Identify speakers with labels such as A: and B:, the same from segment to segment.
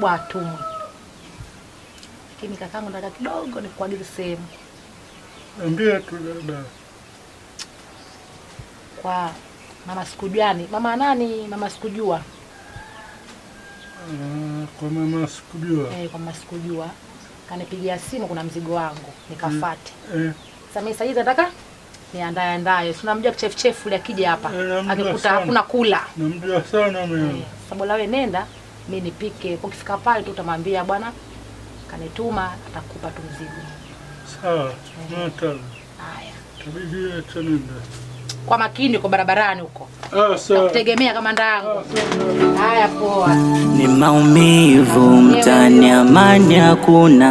A: kubwa atumwe, lakini kakangu ndaka kidogo nikuagize
B: sehemu. Ambia
A: tu dada kwa mama sikujani, mama nani, mama sikujua
B: ah, kwa
A: mama sikujua eh, kwa mama sikujua kanipigia simu, kuna mzigo wangu nikafate. Mm, eh. Sasa mimi saizi nataka niandae andae, si unamjua chef ule akija hapa eh, akikuta hakuna kula,
B: namjua sana mimi. Eh, sasa bora
A: wewe nenda mi nipike. Ukifika pale tu utamwambia bwana kanituma, atakupa
B: tu mzigo. Eh. kwa makini, uko barabarani huko,
A: ah, nakutegemea kama ndangu. Ah, Haya, poa. Ni maumivu mtani, amani hakuna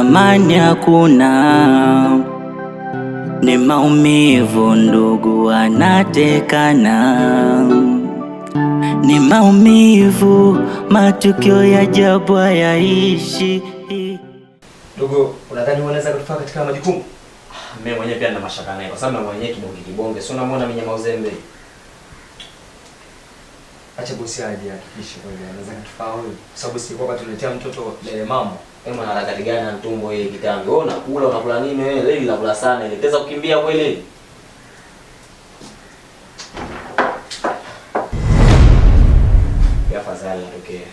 C: amani hakuna, ni maumivu ndugu anatekana, ni maumivu, matukio ya ajabu hayaishi.
D: Ndugu, unadhani unaweza kutufaa katika majukumu? Mimi mwenyewe pia nina mashaka naye kwa sababu na mwenyewe kibonge kibonge, sio unamwona mnyama uzembe. Acha bosi aje hakikishe kweli anaweza kutufaa huyo, kwa sababu sikuwa kwa mtoto lele eh, mama na mwanaharakati gani na mtumbo hii kitambi? Wewe unakula unakula nini wewe? Leo nakula sana ile. Pesa kukimbia kweli. Ya fadhali natokea.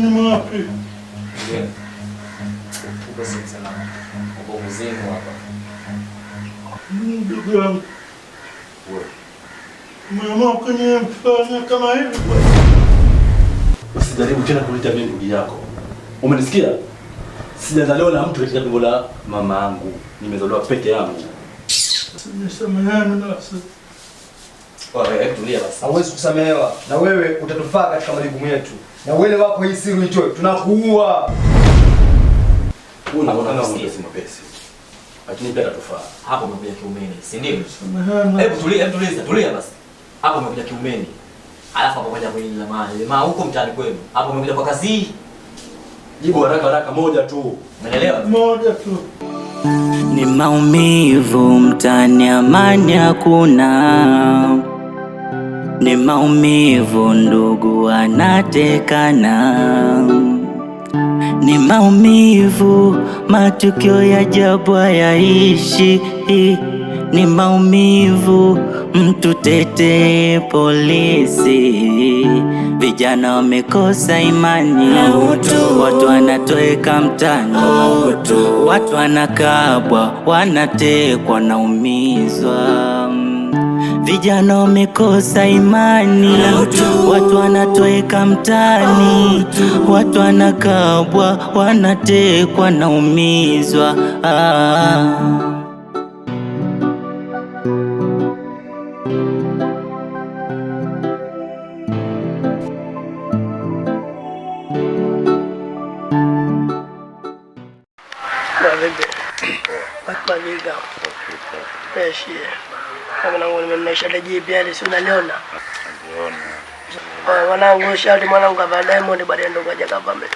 B: mikononi mwake. Ndugu yangu, umeamua kunifanya kama hivi?
D: Usijaribu tena kuleta mimi ndugu yako, umenisikia? Sijazaliwa na mtu katika tumbo la mama yangu, nimezaliwa peke yangu.
B: Nisameheni nafsi
D: hawezi kusamehewa, na wewe utatufaa katika majukumu yetu, na wewe wako hii siri itoe, tunakuua. Lakini pia tatufaa hapo, umekuja kiumeni, si ndio? Hebu tulia, hebu tulia, tulia basi. Hapo umekuja kiumeni, alafu hapo umekuja kwenye jamaa jamaa huko mtaani kwenu, hapo umekuja kwa kazi. Jibu haraka haraka, moja tu, umeelewa? Moja
B: tu ni maumivu mtaani, amani hakuna ni maumivu, ndugu wanatekana, ni maumivu, matukio ya ajabu hayaishi, ni maumivu, mtu tetee polisi, vijana wamekosa imani, watu wanatoweka mtano
E: watu wanakabwa, wanatekwa, naumizwa Vijana wamekosa imani, watu wanatoweka mtaani, watu wanakabwa, wanatekwa, naumizwa ah. Ah, mwanangu nimemnaisha shati jipya ile, si unaliona? Eh, mwanangu shati mwanangu kavaa Diamond baadaye ndo kaja kavaa mimi.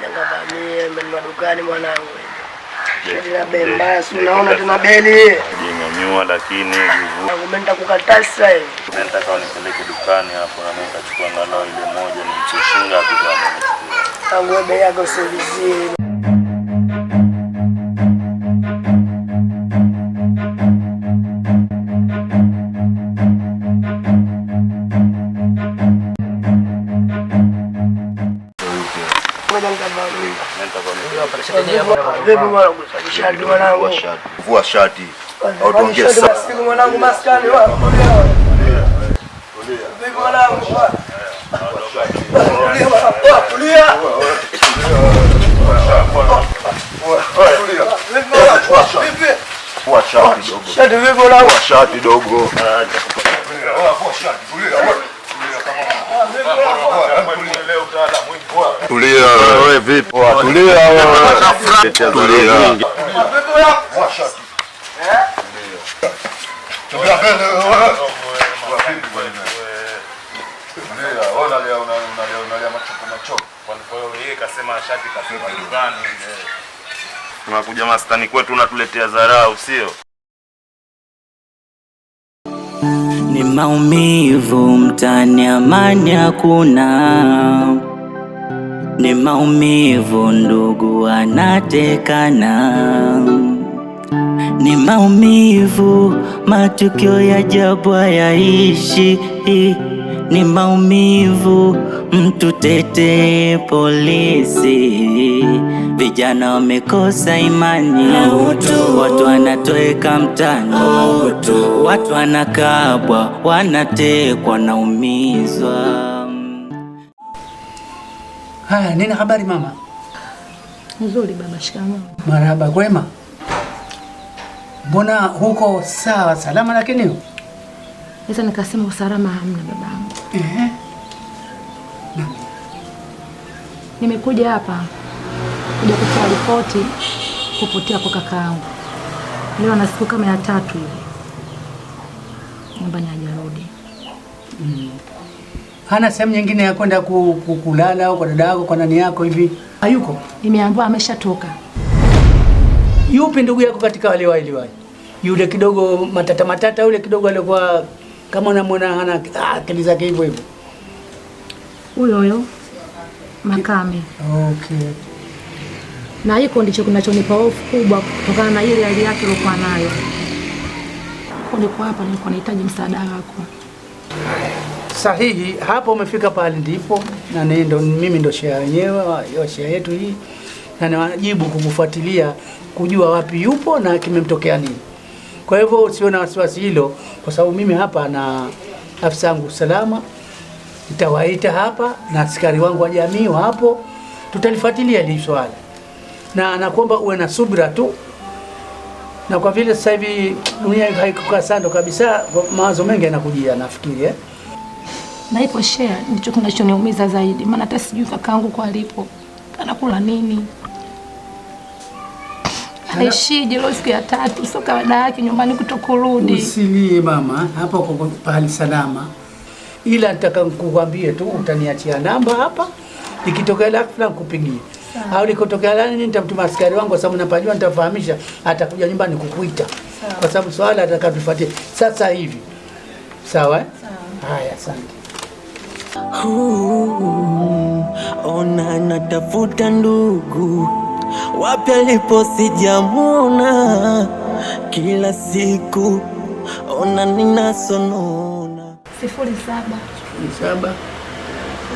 E: Kavaa mimi mmenunua dukani mwanangu. Shati la bei mbaya, si unaona tena
F: beli. Jinyanyua lakini
E: mwanangu mimi nitakukataa sasa hivi.
F: Nataka unipeleke dukani hapo na mimi nitachukua ngano ile moja nimchoshinga
E: kwa mwanangu. Tangu bei yako usingizie Vua shati au tuongee sasa. Mwanangu maskani wao. Vua
F: shati dogo. Tulia wewe, ah, vipi? Tulia wewe, tulia. Euh, Unakuja maskani kwetu unatuletea dharau, sio?
C: Ni maumivu mtani, amani hakuna ni maumivu ndugu anatekana, ni maumivu, matukio ya ajabu hayaishi, ni maumivu, mtu tetee polisi, vijana wamekosa imani, watu wanatoweka mtano watu wanakabwa, wanatekwa, naumizwa
G: Haya, nina habari mama?
H: Nzuri baba,
G: shikamoo. Marhaba, kwema? Mbona huko sawa salama,
H: lakini sasa nikasema usalama hamna
G: babangu. Ehe.
H: Nimekuja hapa kuja kutoa ripoti kupotea kwa kakaangu. Leo ana siku kama ya tatu hivi nyumbani hajarudi.
G: Mm hana sehemu nyingine ya kwenda kulala au kwa dada yako kwa nani yako hivi?
H: Hayuko, imeambiwa ameshatoka.
G: Yupi ndugu yako katika wale wale wale? Yule kidogo matata matata, yule kidogo alikuwa kama unamwona hana akili
H: zake hivyo hivyo, huyo huyo Makame. Okay. Na hiko ndicho kinachonipa hofu kubwa kutokana na ile hali yake aliyokuwa nayo. Nilikuwa hapa, nilikuwa nahitaji msaada wako
G: sahihi hapo, umefika pale ndipo, na ndo mimi ndo shia wenyewe wa shia yetu hii, na ni wajibu kukufuatilia kujua wapi yupo na kimemtokea nini. Kwa hivyo usio na wasiwasi hilo, kwa sababu mimi hapa na afisa wangu usalama nitawaita hapa na askari wangu wa jamii wapo, tutalifuatilia hili swala, na nakuomba uwe na subra tu, na kwa vile sasa hivi dunia haikukaa sando kabisa, mawazo mengi yanakujia
H: nafikiri eh? na ipo share ndicho kinachoniumiza zaidi, maana hata sijui kakaangu kwa alipo anakula nini, anaishije leo siku ya tatu, sio kawaida yake nyumbani
G: kutokurudi. Usilie mama, hapa uko pahali salama, ila nataka nikuambie tu, utaniachia namba hapa, nikitokea lafla nikupigie au nikotokea lani, nitamtuma askari wangu, kwa sababu napajua, nitafahamisha, atakuja nyumbani kukuita, kwa sababu swala atakaotufuatia sasa hivi. Sawa, eh?
H: haya, asante.
G: Ona natafuta ndugu wapya lipo
H: sijamona, kila siku ona ninasonona. sifuri saba
G: sifuri saba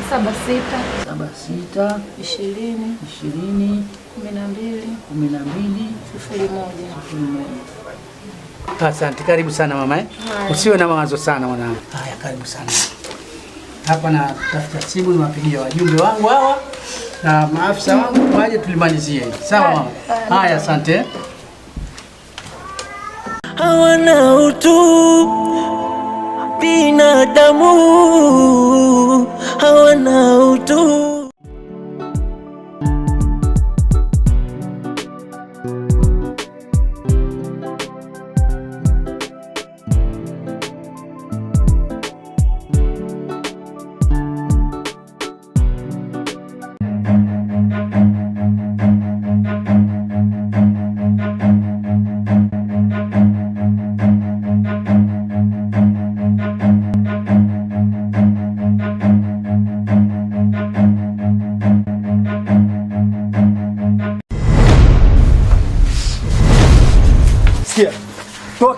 H: saba sita
G: saba sita
H: ishirini
G: ishirini
H: kumi na mbili
G: kumi na mbili
H: sifuri moja
G: sifuri moja. Asante, karibu sana mama eh? Usiwe na mawazo sana mwanangu. Haya, karibu sana hapa na tafuta simu niwapigie wajumbe wangu hawa na maafisa wangu waje tulimalizie. Sawa mama? Haya, asante. Hawana utu binadamu, hawana utu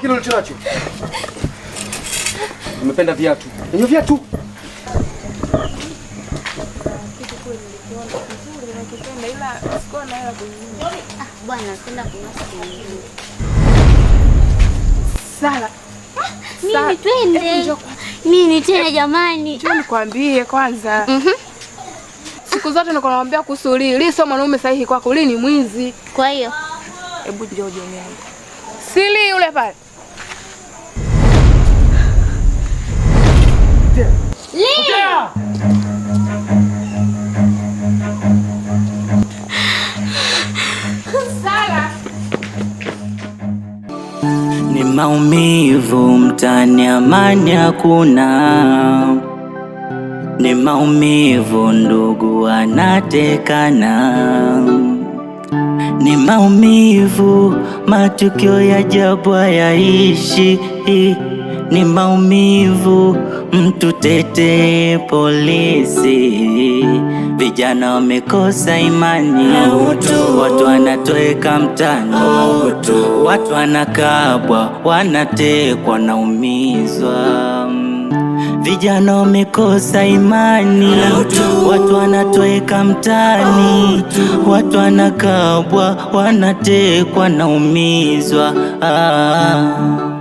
G: kile ulichonacho. Umependa viatu. Hiyo viatu.
I: Sala. Nini ah, twende? Nini tena jamani? Njoo nikwambie kwanza. Mhm. Siku zote niko nawaambia kuhusu Lili. Lili sio mwanaume sahihi kwako. Lili
J: ni mwizi. Kwa
I: hiyo, hebu njoo jioni, jione. Sili yule pale.
C: Ni maumivu mtani, amani hakuna. Ni maumivu ndugu anatekana ni maumivu, matukio ya ajabu hayaishi ni maumivu, mtu tete, polisi. Vijana wamekosa imani, watu wanatoweka mtaani, watu wanakabwa, wanatekwa, naumizwa Vijana wamekosa imani, watu wanatoweka mtaani, watu wanakabwa, wanatekwa, naumizwa ah.